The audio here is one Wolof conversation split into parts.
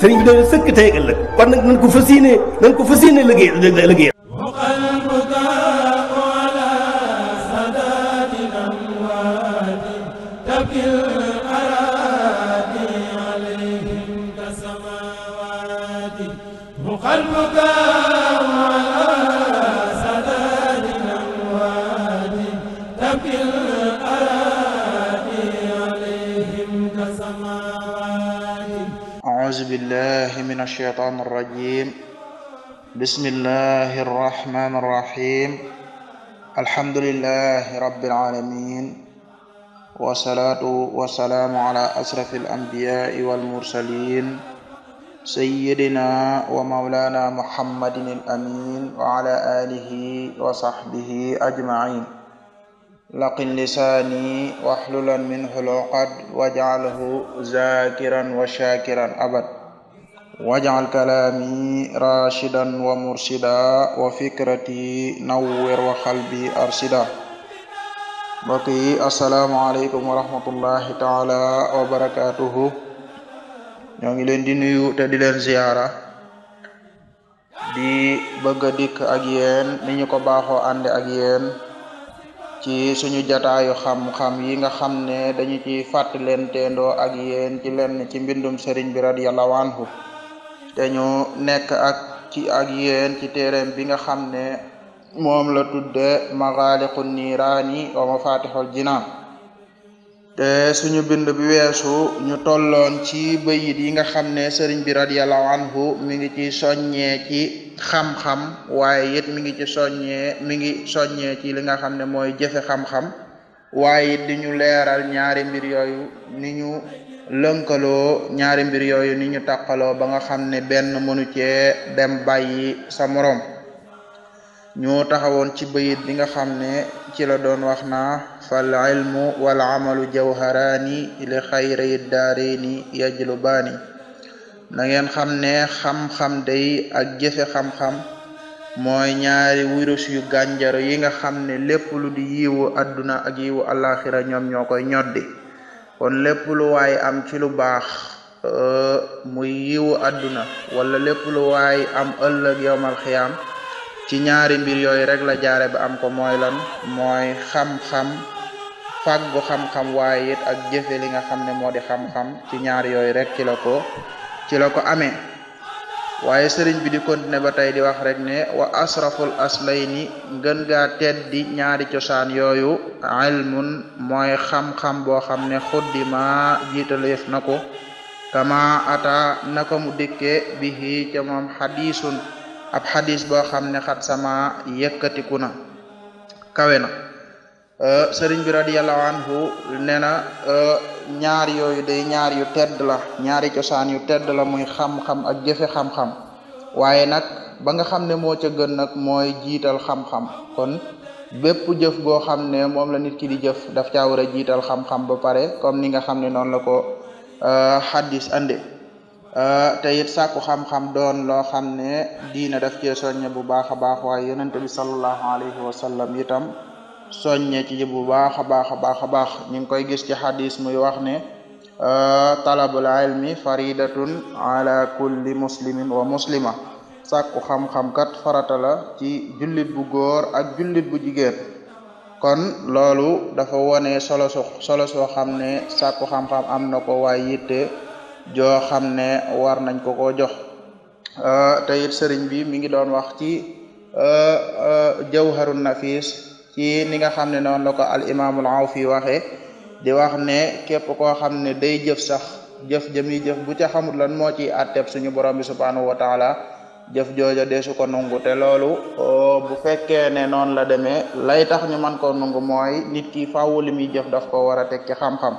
sëriñ bi dana sëkk tey ëllëg kon nag nañ ko fas yéenee nañ ko fas yéenee liggéey liggéey بالله من الشيطان الرجيم بسم الله الرحمن الرحيم الحمد لله رب العالمين والصلاة والسلام على أشرف الأنبياء والمرسلين سيدنا ومولانا محمد الأمين وعلى آله وصحبه أجمعين laqin lisaani waxlulan minhu luqad waj'alhu zakiran wa shakiran abad wajal kalaami rashidan wa murshida wa fikrati nawwir wa xalbi arshida mbokk yi asalaamualeykum wa rahmatullahi taala wa barakatuhu ñoo ngi leen di nuyu te di leen ziyaara di bëgg a dikk ak yéen ni ñu ko baaxoo ànde ak yéen ci suñu jataayu xam-xam yi nga xam ne dañu ci fàtt leen teendoo ak yéen ci lenn ci mbindum sëriñ bi radiyallahu anhu te ñu nekk ak ci ak yéen ci téereem bi nga xam ne moom la tudde maxaaliqu niiraani wa mafatixul jinaan te suñu bind bi weesu ñu tolloon ci bayit yi nga xam ne sëriñ bi radiallahu anhu mi ngi ci soññee ci xam-xam waaye it mi ngi ci soññee mi ngi soññee ci li nga xam ne mooy jëfe xam-xam waaye it di ñu leeral ñaari mbir yooyu ni ñu lënkaloo ñaari mbir yooyu ni ñu tàqaloo ba nga xam ne benn mënu cee dem bàyyi sa moroom ñoo taxawoon ci bayit bi nga xam ne ci la doon wax naa fal ilmu wala amalu jawharaani li xayri daareeni yajlubaani na ngeen xam ne xam-xam day ak jëfe xam-xam mooy ñaari virus yu gànjaro yi nga xam ne lépp lu di yiwu àdduna ak yiwu àllaaxira ñoom ñoo koy ñoddi kon lépp lu waay am ci lu baax euh, muy yiwu àdduna wala lépp lu waay am ëllëg yowmal xiyaam ci ñaari mbir yooyu rek la jaare ba am ko mooy lan mooy xam-xam fàggu xam-xam waaye it ak jëfe li nga xam ne moo di xam-xam ci ñaari yooyu rek ci la ko ci la ko amee waaye sëriñ bi di continuer ba tey di wax rek ne wa asraful ni gën gaa teddi ñaari cosaan yooyu ilmun mooy xam-xam boo xam ne xuddima jiitaleef na ko kama ata naka mu dikkee bihi ca moom xadisun ab xadis boo xam ne xat sama yëkkatiku na kawe na sëriñ bi radiyallahu anhu nee na ñaar yooyu day ñaar yu tedd la ñaari cosaan yu tedd la muy xam-xam ak jëfe xam-xam waaye nag ba nga xam ne moo ca gën nag mooy jiital xam-xam kon bépp jëf goo xam ne moom la nit ki di jëf daf caa a jiital xam-xam ba pare comme ni nga xam ne noonu la ko euh, xaddis ande euh, te it sàkku xam-xam doon loo xam ne diina daf cee soññe bu baax a baax waaye yonente bi sallallahu alayhi wa itam soññe ci bu baax a baax a baax a baax ñu ngi koy gis ci xadis muy wax ne euh, talabul ilmi faridatun ala kulli muslimin wa muslima sàkku xam-xam kat farata la ci jullit bu góor ak jullit bu jigéen kon loolu dafa wone solo solo soo xam ne sàkku xam-xam am na ko waay yitte joo xam ne war nañ ko koo jox euh, te it sëriñ bi mu ngi doon wax ci euh, jawharun nafis ci ni nga xam ne noonu la ko al imaamul Awfi waxee di wax ne képp koo xam ne day jëf sax jëf jëmi jëf bu ca xamut lan moo ci atteb suñu borom bi subhanahu wa taala jëf jooja deesu ko nungu te loolu bu fekkee ne noonu la demee lay tax ñu man ko nungu mooy nit ki faaw li muy jëf daf ko war a teg ci xam-xam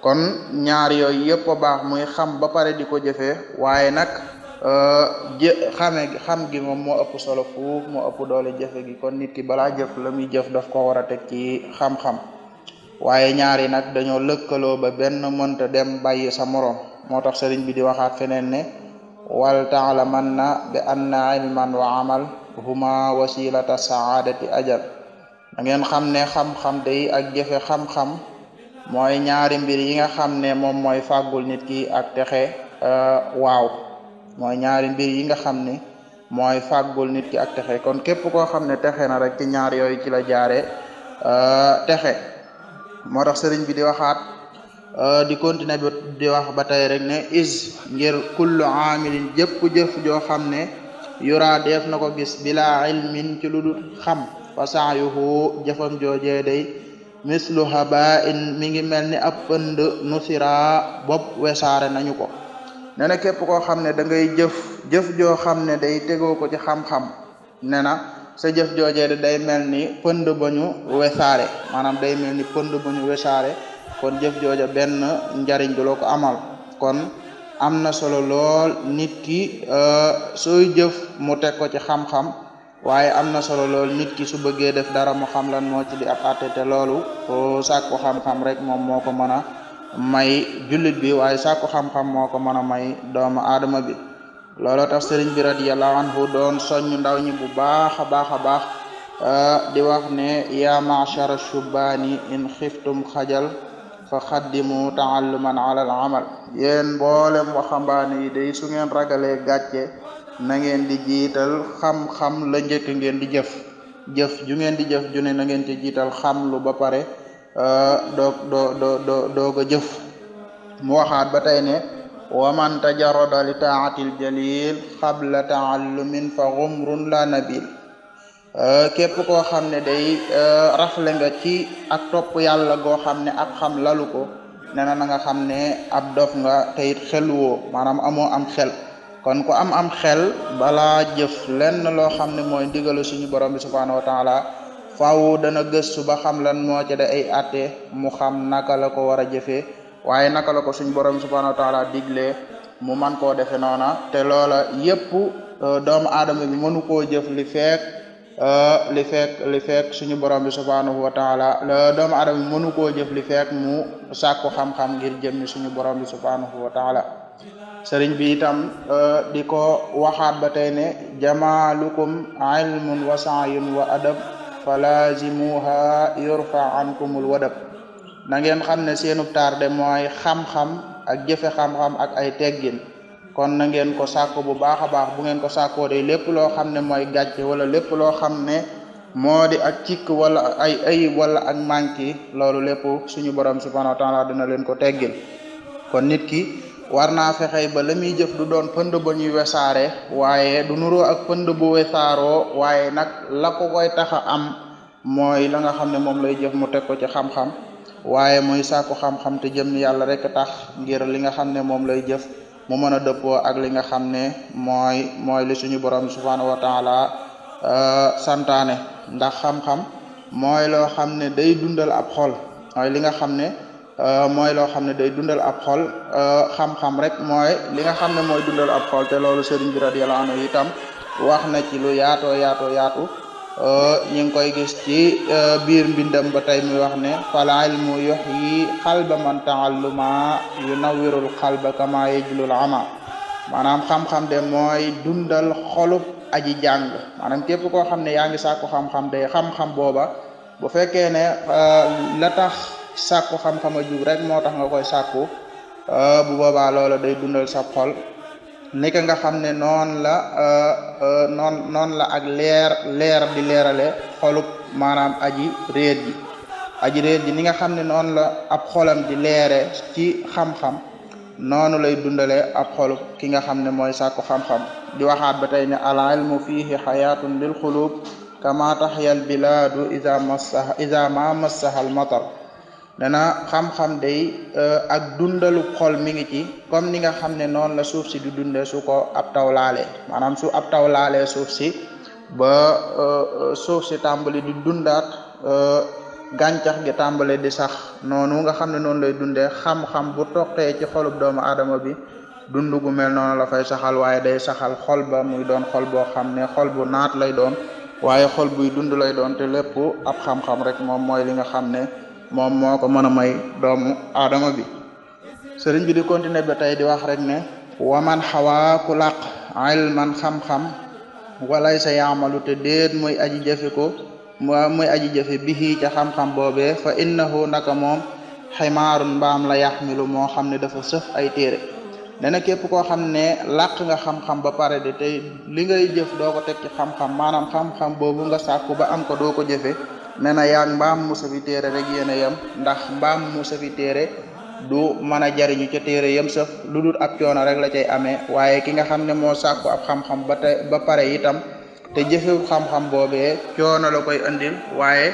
kon ñaar yooyu yëpp a baax muy xam ba pare diko jëfe waaye nag Euh, xame xam gi moom moo ëpp solo fuuf moo ëpp doole jëfe gi kon nit ki balaa jëf la muy jëf daf ko war a teg ci xam-xam waaye ñaari nag dañoo lëkkaloo ba benn mënta dem bàyyi sa moroom moo tax sëriñ bi di waxaat feneen ne wal taalamanna bi anna ilman wa amal huma wasilata saadati ajal da ngeen xam ne xam-xam day ak jëfe xam-xam mooy ñaari mbir yi nga xam ne moom mooy fàggul nit ki ak texe euh, waaw mooy ñaari mbir yi nga xam ne mooy fàggul nit ki ak texe kon képp koo xam ne texe na rek ci ñaar yooyu ci la jaare euh, texe moo tax sëriñ bi di waxaat euh, di continuer di wax ba tey rek ne is ngir kullu amilin jëpp jëf joo xam ne yura def na ko gis bilaa bila min ci lu dul xam fa saayuhu jëfam joojee day mislu haba in mi ngi mel ni ab pënd nusira bopp wesaare nañu ko nee na képp koo xam ne da ngay jëf jëf joo xam ne day tego ko ci xam-xam nee na sa jëf joojee day mel ni pënd ba ñu wesaare maanaam day mel ni pënd ba ñu wesaare kon jëf jooja benn njariñ du la ko amal kon am na solo lool nit ki euh, sooy jëf mu teg ko ci xam-xam waaye am na solo lool nit ki su bëggee def dara mu xam lan moo ci di ab àtte te loolu sàkku xam-xam rek moom moo ko mën a may jullit bi waaye sàkku xam-xam moo ko mën a may doomu aadama bi looloo tax sëriñ bi lawan anhu doon soññ ndaw ñi bu baax a baax a baax euh, di wax ne ya ma'shara shubaani in xiftum xajal fa xaddimu taalluman ala al amal yéen mboolem waxambaane yi day su ngeen ragalee gàcce na ngeen di jiital xam-xam la njëkk ngeen di jëf jëf ju ngeen di jëf ju na ngeen ci jiital xam lu ba pare doo doo doo doo doog a jëf mu waxaat ba tey ne waman tajarada li taatil jalil xabla taallumin fa xumrun la nabil képp koo xam ne day rafle nga ci ak topp yàlla goo xam ne ak xam lalu ko nena na nga xam ne ab dof nga teyit xeluwoo maanaam amoo am xel kon ku am am xel balaa jëf lenn loo xam ne mooy ndigalu suñu borom bi subhanahu wa taala faaw dana gëstu ba xam lan moo ci da ay atte mu xam naka la ko war a jëfee waaye naka la ko suñ borom subhanahu wa taala diglee mu man koo defe noona te loola yépp euh, doomu aadama bi mënu koo jëf li feek euh, li feek suñu borom bi subhanahu wa taala la doomu mënu koo jëf li feek mu sàkku xam-xam ngir jëmmi suñu borom bi subhanahu wa taala sëriñ bi itam euh, di ko waxaat ba tey ne jamaalukum ilmun wa saayun wa adab falaazimuha yurfa ankumul wadab na ngeen xam ne seenub taar de mooy xam-xam ak jëfe xam-xam ak ay teggin kon na ngeen ko sàkko bu baax a baax bu ngeen ko sàkkoo de lépp loo xam ne mooy gàcce wala lépp loo xam ne moo di ak cikk wala ay ayib wala ak manki loolu lépp suñu borom subhanahu wa taala dina leen ko teggil kon nit ki war naa fexey ba la muy jëf du doon pënd ba ñuy wesaare waaye du nuroo ak pënd bu wesaaroo waaye nag la ko koy taxa am mooy la nga xam ne moom lay jëf mu teg ko ci xam-xam waaye muy sàkku xam te jëm yàlla rek tax ngir li nga xam ne moom lay jëf mu mën a dëppoo ak li nga xam ne mooy mooy li suñu borom subhaanahu wa taala euh, santaane ndax xam-xam mooy loo xam ne day dundal ab xol mooy li xam ne Euh, mooy loo xam ne day dundal ab xol euh, xam-xam rek mooy li nga xam ne mooy dundal ab xol te loolu sëriñ bi radiyallahu anhu itam wax na ci lu yaatoo yaatoo yaatu euh, ñu ngi koy gis ci biir mbindam ba tey muy wax ne fal ilmu yuhyi xalba man taalluma yunawwirul xalba kama yajlul ama maanaam xam-xam de mooy dundal xolub aji jàng maanaam képp koo xam ne yaa ngi sàkku xam-xam de xam-xam booba bu fekkee ne sàkku xam-xam a jub rek moo tax nga koy sàkku euh, bu boobaa loola day dundal sa xol nekk nga xam ne noonu la euh, euh, noon noonu la ak leer leer di leerale xolub maanaam aji réer ji aji réer ni nga xam ne noonu la ab xolam di leere ci xam-xam noonu lay dundale ab xolub ki nga xam ne mooy sàkku xam-xam di waxaat ba tey ne al ilmu fihi xayaatun lil xulub kama taxyal bilaadu ida massaha ida ma massaha al dana xam-xam day euh, ak dundalu xol mi ngi ci comme ni nga xam ne noonu la suuf si di dunde su ko ab taw laalee maanaam su ab taw laalee suuf si ba euh, euh, suuf si tàmbali di dundaat gàncax gi tàmbale di sax noonu nga xam ne noonu lay dundee xam-xam bu toqee ci xolub doomu aadama bi dund gu mel noonu la fay saxal waaye day saxal xol ba muy doon xol boo xam ne xol bu naat lay doon waaye xol buy dund lay doon te lépp ab xam-xam rek moom mooy li nga xam ne moom moo ko mën a may doomu aadama bi sëriñ bi di continuer ba tey di wax rek ne waman xawaa ku làq ilman xam-xam walay sa yaamalu te déet mooy aji jëfe ko muy aji jëfe bihi ca xam-xam boobee fa innahu naka moom ximaarun mbaam la yaxmilu moo xam ne dafa sëf ay téere nee na képp koo xam ne làq nga xam-xam ba pare de tey li ngay jëf doo ko teg ci xam-xam maanaam xam-xam boobu nga sàkku ba am ko doo ko jëfe nee na yaag mbaam musa fi téere yéen a yem ndax mbaam musa fi du mën a jariñu ca téere yem sëf lu dul ab coono rek la cay amee waaye ki nga xam ne moo sàkku ab xam-xam ba te ba pare itam te jëfewul xam-xam boobee coono la koy andil waaye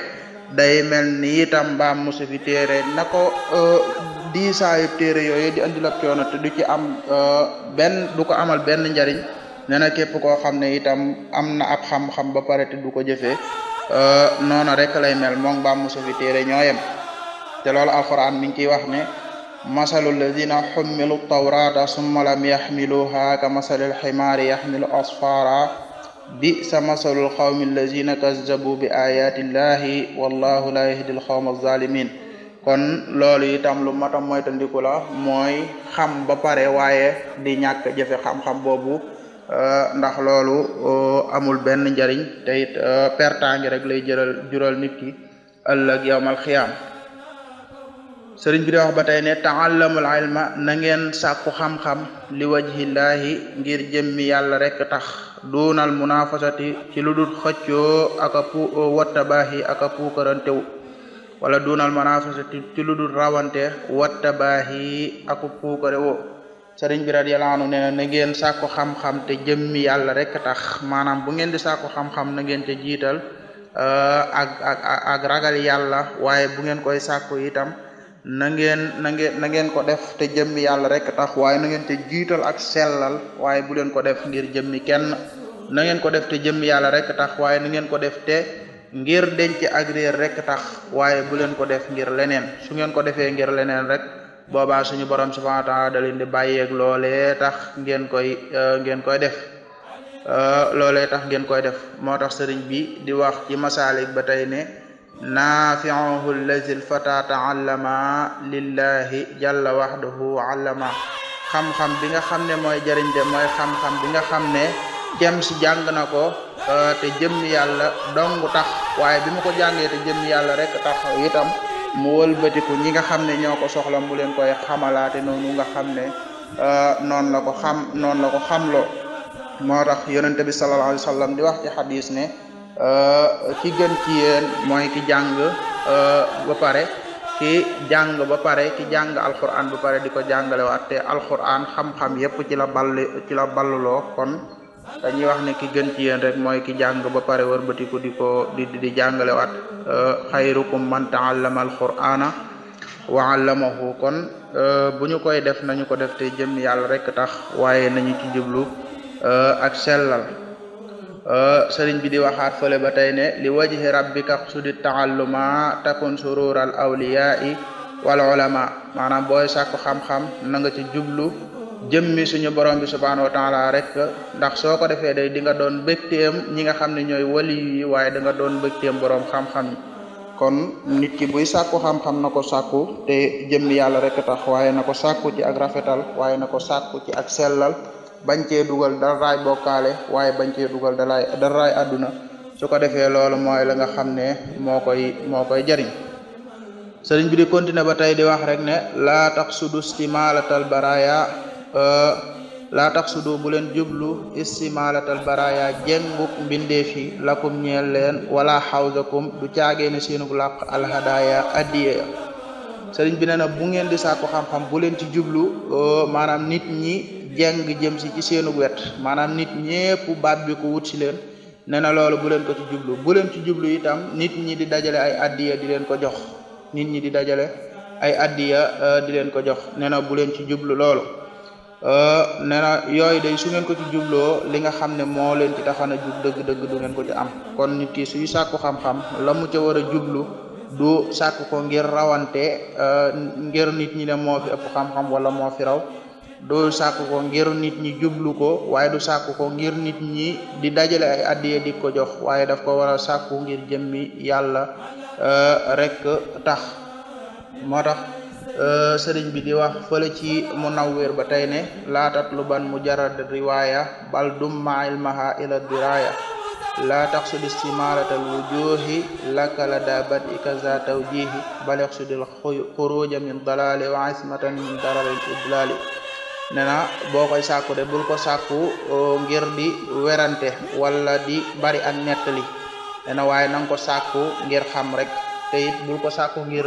day mel ni itam mbaam musa fi téere na ko euh, diisaayub téere yooyu di andil ab coono te du ci am euh, benn du ko amal benn njariñ nee na képp koo xam ne itam am na ab xam-xam ba pare te du ko jëfee Euh, noona rek lay mel moom mbaam mosu fi téere ñooyem te loolu alquran mi ngi ciy wax ne masalu alladina xummilu tawrata summa lam yaxmiluha ka masalil ximaari yaxmilu asfara bi sa masalul xawmi alladina kazzabu bi ayatillahi wallahu la yahdi alxawma alzalimin kon loolu itam lu matam moytandiku la mooy xam ba pare waaye di ñàkk jëfe xam-xam boobu Euh, ndax loolu euh, amul benn njariñ te it euh, pertange rek lay jëral jural nit ki ëllëg yawmal xiyaam sëriñ bi wax ba tey ne taallamul ilma na ngeen sàkku xam-xam li wajhillaahi ngir jëmmi yàlla rek tax duunal munafasati ci lu dul xëccoo ak a pu wattabaahi ak a puukarantewu wala duunal munafasati ci lu dul rawante wattabaahi ak a puukarewo sëriñ bi radiyallahu anhu nee na na ngeen sàkku xam-xam te jëmmi yàlla rek tax maanaam bu ngeen di sàkku xam-xam na ngeen te jiital euh, ak ak ak ragal yàlla waaye bu ngeen koy sàkku itam na ngeen na ngeen na ngeen ko def te jëmmi yàlla rek tax na ngeen te jiital ak sellal waaye bu leen ko def ngir jëmmi kenn na ngeen ko def te jëmmi yàlla rek tax waaye na ngeen ko def te ngir denc ak rek tax waaye bu leen ko def ngir leneen su ngeen ko defee ngir leneen rek boobaa suñu borom subhanahu wa taala da leen di bàyyeeg tax ngeen koy euh, ngeen koy def euh, loolee tax ngeen koy def moo tax sëriñ bi di wax ci masaalik ba tey ne naafiahu allazi lfata taallama lillahi jalla wahdahu allama xam-xam bi nga xam ne mooy jëriñ de mooy xam-xam bi nga xam ne kem si jàng na ko euh, te jëm yàlla dong tax waaye bi mu ko jàngee te jëm yàlla rek tax itam mu wëlbatiku ñi nga xam ne ñoo ko soxla mu leen koy xamalaate noonu nga xam ne euh, noonu la ko xam noonu la ko xamloo moo tax yonente bi sallallahu alayhi wa sallam di wax ci xadis ne euh, ki gën ci yéen mooy ki jàng euh, ba pare ki jàng ba pare ki jàng alquran ba pare di ko jàngalewaat te alquran xam-xam yépp ci la ball ci kon dañuy wax ne ki gën ci yéen rek mooy ki jàng ba pare war wërbatiku di ko di di jàngale waat euh, xayrukum man taallama alqur'ana wa allamahu kon euh, bu ñu koy def nañu ko def te jëm yàlla rek tax waaye nañu ci jublu euh, ak sellal sëriñ bi di waxaat fële ba tey ne li wajhi rabbika sudi taalluma takun surur al awliyai wal ulama maanaam booy sàkku xam-xam na nga ci jublu jëmmi suñu borom bi subhaanahu wa taala rek ndax soo ko defee day di doon bëgteem ñi nga xam ne ñooy wali waaye da doon bëgteem borom xam-xam kon nit ki buy sàkku xam-xam na ko sàkku te jëmmi yàlla rek tax waaye na ko sàkku ci ak rafetal waaye na ko sàkku ci ak sellal bañ cee dugal daraay bokkaale waaye bañ cee dugal daraay daraay àdduna su ko defee loolu mooy la nga xam ne moo koy moo koy jariñ sëriñ bi di ba tey di wax rek ne laa tax sudus ci baraya laa tax sudu bu leen jublu istimaalatal baraya jenguk mbindeef yi lakum ñeel leen wala xawsakum du caagee ne seenub làq alhadaya addiye sëriñ bi ne na bu ngeen di sàkku xam-xam bu leen ci jublu euh, maanaam nit ñi jeng jëm ci seenu wet maanaam nit ñépp baat bi ko wut si leen ne na loolu bu leen ko ci jublu bu leen ci jublu itam nit ñi di dajale ay addiya di leen ko jox nit ñi di dajale ay addiya euh, di leen ko jox ne na bu leen ci jublu loolu Euh, nee na yooyu day su ngeen ko ci jubloo li nga xam ne moo leen ci taxana jub dëgg-dëgg du ngeen ko ci am kon nit ki suy sàkku xam-xam la mu ca war a jublu du sàkk ko ngir rawante euh, ngir nit ñi ne wala moo fi raw du sàkk ngir nit ñi jublu ko waaye du sàkk ko ngir nit ñi di dajale ay yee di ko jox waaye daf ko war a sàkku ngir jëmmi yàlla euh, rek tax moo tax Euh, sëriñ bi di wax fële ci munawwir ba tey ne laa tatluban mujarrad riwaya bal dum ma ilmaha ila diraya laa taqsud istimaratal wujuhi laka la daa bat ika za tawjihi xuruja min dalali wa ismatan min dararil idlali ne na boo koy sàkku de bul ko sàkku euh, ngir di werante wala di bari ak nettali ne na waaye nanga ko sàkku ngir xam rek te it bul ngir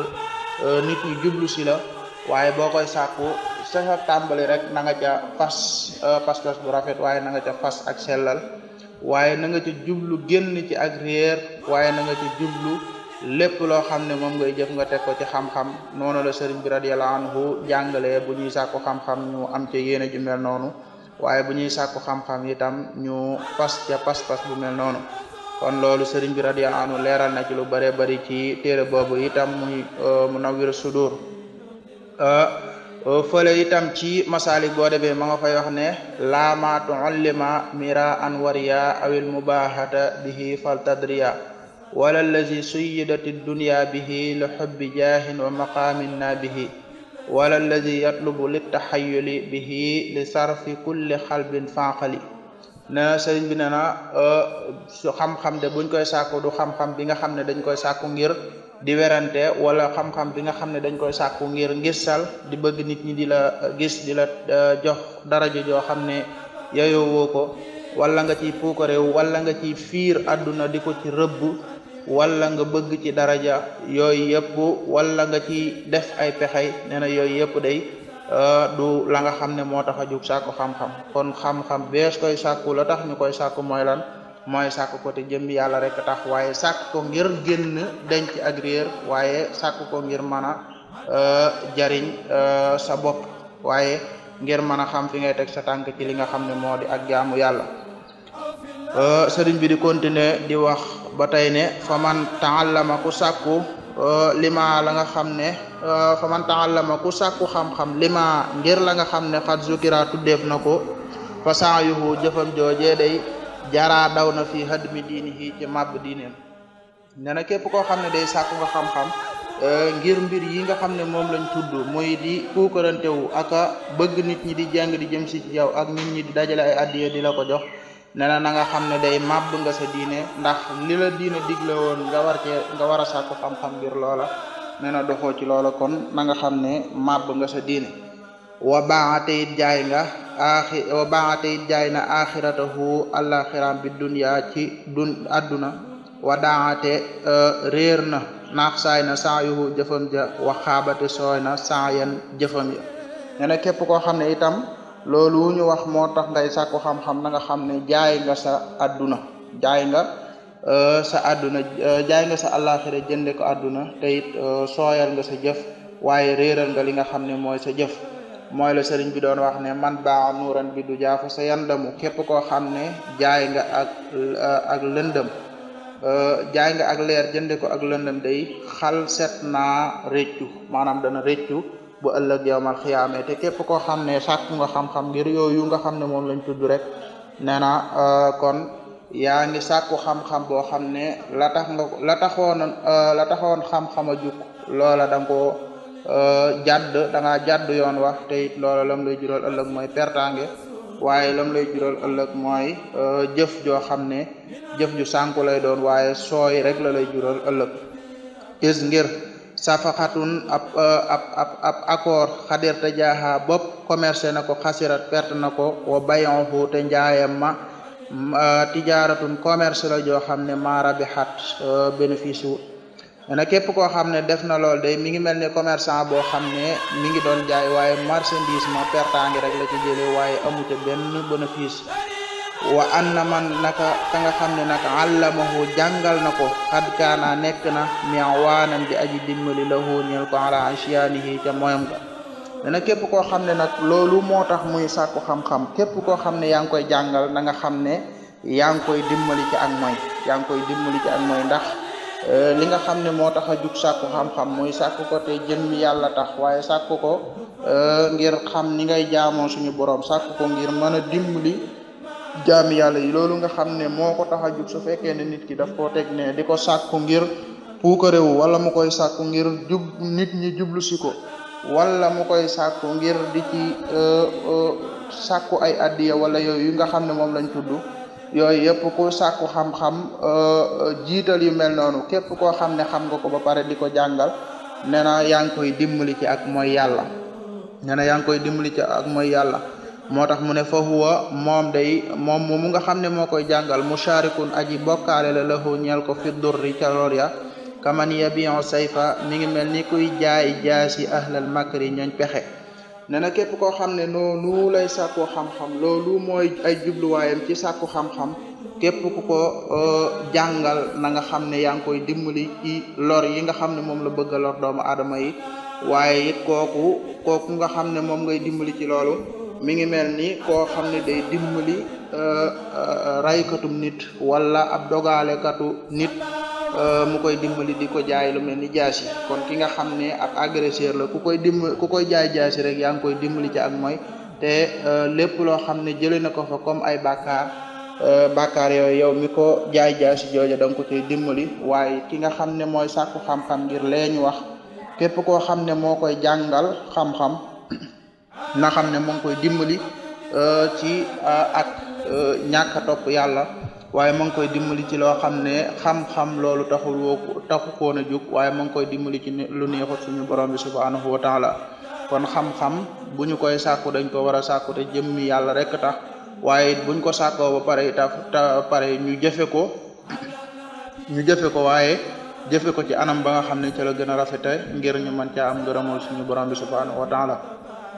Euh, nit ñi jublu ci la waaye boo koy sàkku sa tàmbali rek na nga ca fas euh, pas-pas bu rafet waaye na nga ca fas ak sellal waaye na nga ca jublu génn ci ak réer waaye na nga ca jublu lépp loo xam ne moom nga jëf nga teg ko ci xam-xam noonu la sëriñ bi radiyallahu anhu jàngalee bu ñuy sàkku xam-xam ñu am ca yéene ju mel noonu waaye bu ñuy sàkku xam-xam itam ñu fas ca pas-pas bu mel noonu kon loolu sëriñ bi radiyallahu leeral na ci lu bare bari ci téere boobu itam muy e, Munawwirus Sudur e, e, fële itam ci masali boo demee ma nga fay wax ne laama tuallima mira anwariya awil mubahata bihi faltadriya wala allazi suyidati dunya bihi li xubbi jaahin wa maqaamin na bihi wala allazi yatlubu litaxayuli bihi li sarfi kulli xalbin fanqali ne sëriñ bi ne na euh, su xam-xam de buñ koy sàkku du xam-xam bi nga xam ne dañ koy sàkku ngir di werante wala xam bi nga xam ne dañ koy sàkku ngir ngisal di bëgg nit ñi di la euh, gis di la euh, jox daraja joo xam ne yayoo ko wala nga ci ciy puukare wala nga ci fiir àdduna di ko ci rëbb wala nga bëgg ci daraja yooyu yëpp wala nga ci def ay pexey nee na yooyu yëpp day Euh, du la nga xam ne moo tax a jóg sàkku xam-xam kon xam-xam bees koy sàkku la tax ñu koy sàkku mooy lan mooy sàkku ko te jëm yàlla rek tax waaye sàkku ko ngir génn denc ak réer waaye sàkku ko ngir mën a euh, jariñ euh, sa bopp waaye ngir mën a xam fi ngay teg sa tànk ci li nga xam ne moo di ak jaamu yàlla sëriñ bi di continuer di wax ba tey ne fa man taallama ku sàkku Euh, lima la nga xam ne euh, fa man taallama ku sàkku xam-xam lima ngir la nga xam ne xat zukira tuddeef na ko fa saayuhu jëfam joojee day jaraa daw na fi hadmi diinihi ci màbb diineem nee na képp koo xam ne day sàkku nga xam-xam euh, ngir mbir yi nga xam ne moom lañ tudd mooy di puukarantewu ak a bëgg nit ñi di jàng di jëm si ci yow ak nit ñi di dajale ay addiya di la ko jox nee na na nga xam ne day màbb nga sa diine ndax li la diine digle woon nga war cee nga war a sàkku xam-xam biir loola nee na doxoo ci loola kon na nga xam ne màbb nga sa diine wa baate it jaay nga axi wa baate jaay na axiratahu alaxiram bi dunya ci dun adduna wa daate e, réer na naax saay na saayuhu jëfam ja wa xaabate sooy na saayan jëfam ya nee na képp xam ne itam loolu ñu wax moo tax ngay sàkku xam-xam na xam ne jaay nga sa àdduna jaay nga euh, sa àdduna euh, jaay nga sa àllaaxira jënde ko àdduna te it euh, sooyal nga sa jëf waaye réeral nga li nga xam ne mooy sa jëf mooy la sëriñ bi doon wax ne man baa nuuran bi du jaafa sa yandamu képp koo xam ne jaay nga ak ak lëndëm jaay nga ak leer jënde ko ak lëndëm day xal set naa réccu maanaam dana réccu bu ëllëg yowmal xiyaamee te képp koo xam ne sàkk nga xam-xam ngir yooyu nga xam ne moom lañ tudd rek nee na euh, kon yaa ngi sàkku xam-xam boo xam ne la tax nga la taxoon euh, la taxoon xam-xam a jug loola da nga koo euh, jàdd da ngaa jàdd yoon wax te it loola lam lay jural ëllëg mooy pertange waaye lam lay jural ëllëg mooy jëf joo xam ne jëf ju sànku lay doon waaye sooy rek la lay jural ëllëg is ngir safaxatun ab euh, ab ab ab accord xadir te jaaxa bopp commercé na ko xasirat perte na ko wa bayoxu te njaayam ma mm, euh, tijaaratun commerce la joo xam ne maarabi xat euh, bénéfice wu na képp koo xam ne def na lool day mi ngi mel ni commerçant boo xam ne mi ngi doon jaay waaye marchandise ma pertaangi rek la ci jële waaye amute benn bénéfice wa na man naka ka nga xam ne nag allamahu jàngal na ko xad kaana nekk na miwaanan di aji dimbali lahu ñeel ko ala asiyaanihi ca moyam ga dana képp koo xam ne nag loolu moo tax muy sàkku xam-xam képp koo xam ne yaa ngi koy jàngal na nga xam ne yaa ngi koy dimbali ci ak moy yaa ngi koy dimbali ci ak moy ndax eh, li nga xam ne moo tax a jug sàkku xam-xam muy sàkku ko te jëmmi yàlla tax waaye sàkku ko eh, ngir xam ni ngay jaamoo suñu borom sàkku ko ngir mën a dimbali jaami yàlla yi loolu nga xam ne moo ko tax a jug su fekkee ne nit ki daf koo teg ne di ko sàkku ngir puukarewu wala mu koy sàkku ngir jub nit ñi jublu si ko wala mu koy sàkku ngir di ci euh, euh, sàkku ay addiya wala yooyu nga xam ne moom lañ tudd yooyu yëpp ku sàkku xam-xam euh, jiital yu mel noonu képp koo xam ne xam nga ko ba pare di ko jàngal nee na yaa ngi koy dimbali ci ak mooy yàlla nee na yaa ngi koy dimbali ci ak mooy yàlla moo tax mu ne fa huwa moom day moom mu nga xam ne moo koy jàngal mu musharikun aji bokkaale la lahu ñeel ko fi durri ca lor ya kaman yabiu sayfa mi ngi mel ni kuy jaay jaasi ahlal makri ñooñ pexe ne na képp koo xam ne noonu lay sàkku xam-xam loolu mooy ay jubluwaayam ci sàkku xam-xam képp ku ko jàngal na nga xam ne yaa ngi koy dimbali lor yi nga xam ne moom la bëgg lor doomu aadama yi waaye it kooku kooku nga xam ne moom ngay dimbali ci loolu mi ngi mel ni koo xam ne day dimbali euh, euh, raykatum nit wala ab dogaalekatu nit euh, mu koy dimbali di ko jaay lu mel ni jaasi kon ki nga xam ne ab agresseur la ku koy dimbali ku koy jaay rek yaa ngi koy dimbali ci ak mooy te lépp loo xam ne jële na ko fa comme ay bàkkaar bàkkaar yooyu yow mi ko jaay jaasi jooja da ko koy dimbali waaye ki nga xam ne mooy sàkku xam-xam ngir lee ñu wax képp koo xam ne moo koy jàngal xam-xam na xam ne moo ngi koy dimbali euh, ci euh, ak euh, ñàkk a topp yàlla waaye moo ngi koy dimbali ci loo xam ne xam-xam loolu taxul woo taxu koon a jóg waaye moo ngi koy dimbali ci lu neexut suñu borom bi subhanahu wa taala kon xam-xam bu ñu koy sàkku dañ ko war a sàkku te jëmmi yàlla rek tax waaye buñ ko sàkkoo ba pare ta pare ñu jëfe ko ñu jëfe ko waaye jëfe ko ci anam ba nga xam ne ca la gën a rafete ngir ñu mën caa am ngërëmul suñu borom bi subhanahu wa taala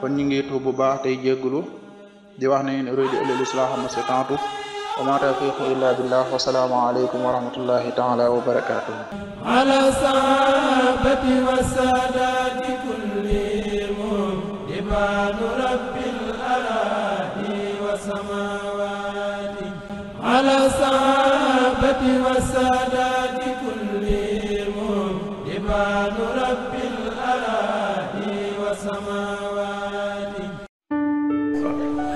kon ñu ngi tuub bu baax tey jégglu di wax ne in uridu illa al-islaha mastata'tu wa ma tawfiqi illa billah wa salaamu alaykum wa rahmatullahi ta'ala wa barakatuh ala sahabati wa sadati kullihim ibadu rabbil aradi wa samawati ala sahabati wa sadati